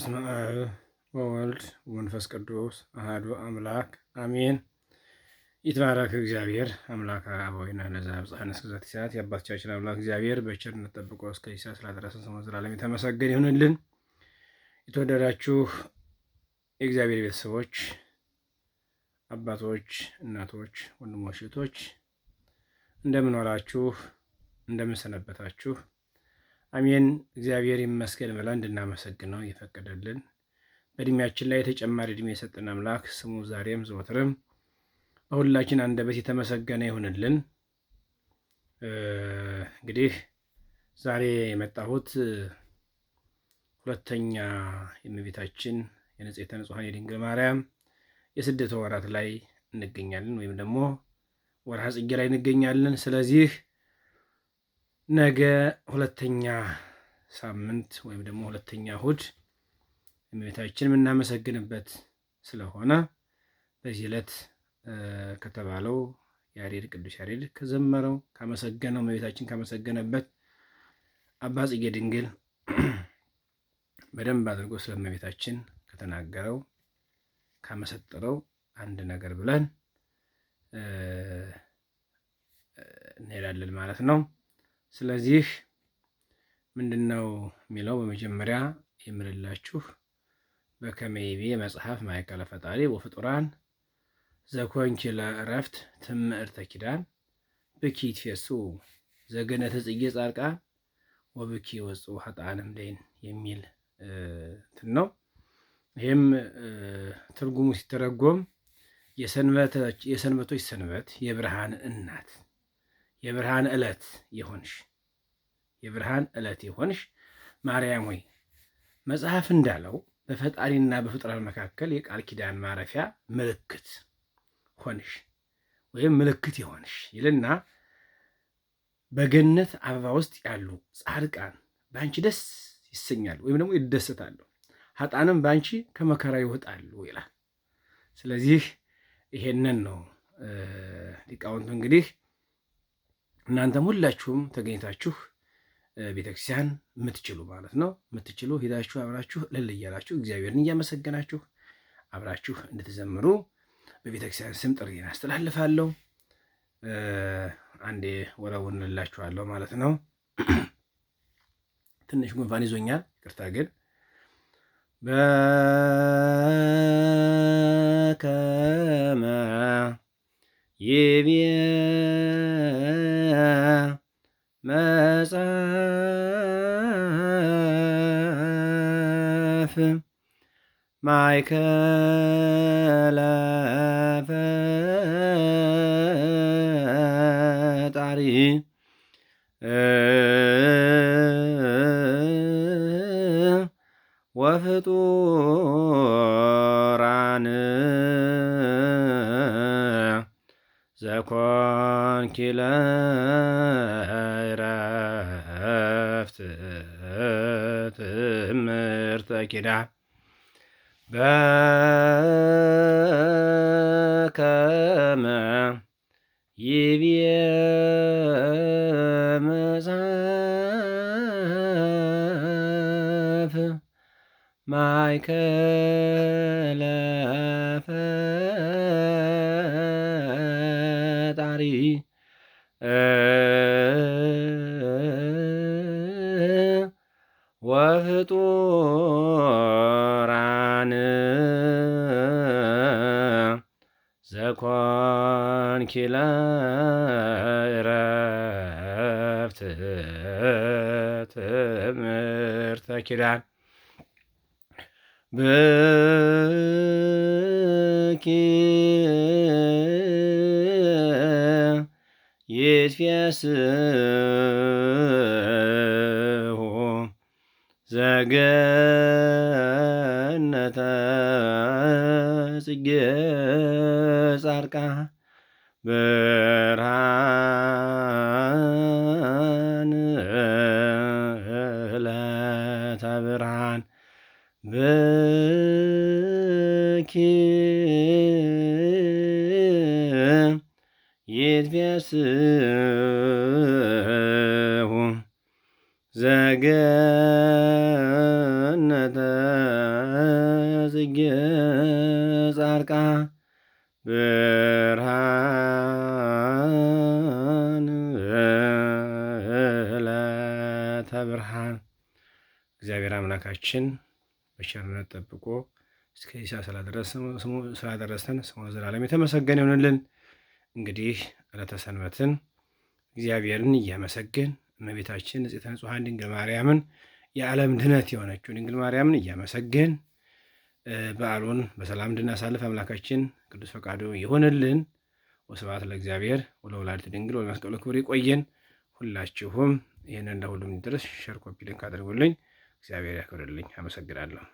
በስመ አብ ወወልድ ወመንፈስ ቅዱስ አሐዱ አምላክ አሜን። ይትባረክ እግዚአብሔር አምላክ አበዊነ ለዛ ብፅሐነ እስከዛቲ ሰዓት። የአባቶቻችን አምላክ እግዚአብሔር በቸርነት ጠብቆ እስከዚህ ሰዓት ስላደረሰን ስሙ ዘላለም የተመሰገነ ይሁንልን። የተወደዳችሁ የእግዚአብሔር ቤተሰቦች፣ አባቶች፣ እናቶች፣ ወንድሞች፣ ሴቶች እንደምንዋላችሁ እንደምንሰነበታችሁ አሜን። እግዚአብሔር ይመስገን ብለን እንድናመሰግነው እየፈቀደልን በእድሜያችን ላይ ተጨማሪ እድሜ የሰጠን አምላክ ስሙ ዛሬም ዘወትርም በሁላችን አንደበት የተመሰገነ ይሁንልን። እንግዲህ ዛሬ የመጣሁት ሁለተኛ የእመቤታችን የንጽሕተ ንጹሐን የድንግል ማርያም የስደት ወራት ላይ እንገኛለን፣ ወይም ደግሞ ወርሃ ጽጌ ላይ እንገኛለን። ስለዚህ ነገ ሁለተኛ ሳምንት ወይም ደግሞ ሁለተኛ እሁድ እመቤታችን የምናመሰግንበት ስለሆነ በዚህ ዕለት ከተባለው ያሬድ ቅዱስ ያሬድ ከዘመረው ካመሰገነው እመቤታችን ካመሰገነበት አባ ጽጌ ድንግል በደንብ አድርጎ ስለ እመቤታችን ከተናገረው ካመሰጠረው አንድ ነገር ብለን እንሄዳለን ማለት ነው። ስለዚህ ምንድን ነው የሚለው በመጀመሪያ የምልላችሁ በከመይቤ መጽሐፍ ማይቀለ ፈጣሪ ወፍጡራን ዘኮንኪ ለእረፍት ትምህርተ ኪዳን ብኪ ትፌሱ ዘገነ ጽጌ ጻድቃን ወብኪ ወፁ ሀጣንም ደይን የሚል እንትን ነው። ይህም ትርጉሙ ሲተረጎም የሰንበቶች ሰንበት የብርሃን እናት የብርሃን ዕለት የሆንሽ የብርሃን ዕለት የሆንሽ ማርያም ሆይ መጽሐፍ እንዳለው በፈጣሪና በፍጥረት መካከል የቃል ኪዳን ማረፊያ ምልክት ሆንሽ ወይም ምልክት የሆንሽ ይልና በገነት አበባ ውስጥ ያሉ ጻድቃን በአንቺ ደስ ይሰኛሉ ወይም ደግሞ ይደሰታሉ፣ ሀጣንም በአንቺ ከመከራ ይወጣሉ ይላል። ስለዚህ ይሄንን ነው ሊቃውንቱ እንግዲህ እናንተም ሁላችሁም ተገኝታችሁ ቤተክርስቲያን የምትችሉ ማለት ነው የምትችሉ ሄዳችሁ አብራችሁ እልል እያላችሁ እግዚአብሔርን እያመሰገናችሁ አብራችሁ እንድትዘምሩ በቤተክርስቲያን ስም ጥሪ አስተላልፋለሁ። አንዴ ወረውን እላችኋለሁ ማለት ነው። ትንሽ ጉንፋን ይዞኛል፣ ይቅርታ ግን በከመ مصاف معك لا فتعري وفطور عنا ዘኮንኪ ለዕረፍት ትምህርተ ኪዳን በከመ ይብየ መጽሐፍ ማይከል ወፍጡራን ዘኮንኪ ለእረፍት ትምህርተ ኪዳን ብኪ ይትፌስብ ዘገነተ ጽጌ ጻርቃ ብርሃን ዕለተ ብርሃን ብኪ ይትፌስሁ ዘገ ጻርቃ ብርሃን ዕለተ ብርሃን እግዚአብሔር አምላካችን በቸርነት ጠብቆ እስከዚህ ስላደረሰን ስሙ ዘላለም የተመሰገነ ይሆንልን። እንግዲህ ዕለተ ሰንበትን እግዚአብሔርን እያመሰገን እመቤታችን ንጽሕተ ንጹሐን ድንግል ማርያምን የዓለም ድህነት የሆነችው ድንግል ማርያምን እያመሰገን በዓሉን በሰላም እንድናሳልፍ አምላካችን ቅዱስ ፈቃዱ ይሆንልን። ወስብሐት ለእግዚአብሔር ወለወላዲቱ ድንግል ወለመስቀሉ ክቡር ይቆየን። ሁላችሁም ይህንን ለሁሉም ድረስ ሸርኮፒልን ካደርጉልኝ እግዚአብሔር ያክብርልኝ። አመሰግናለሁ።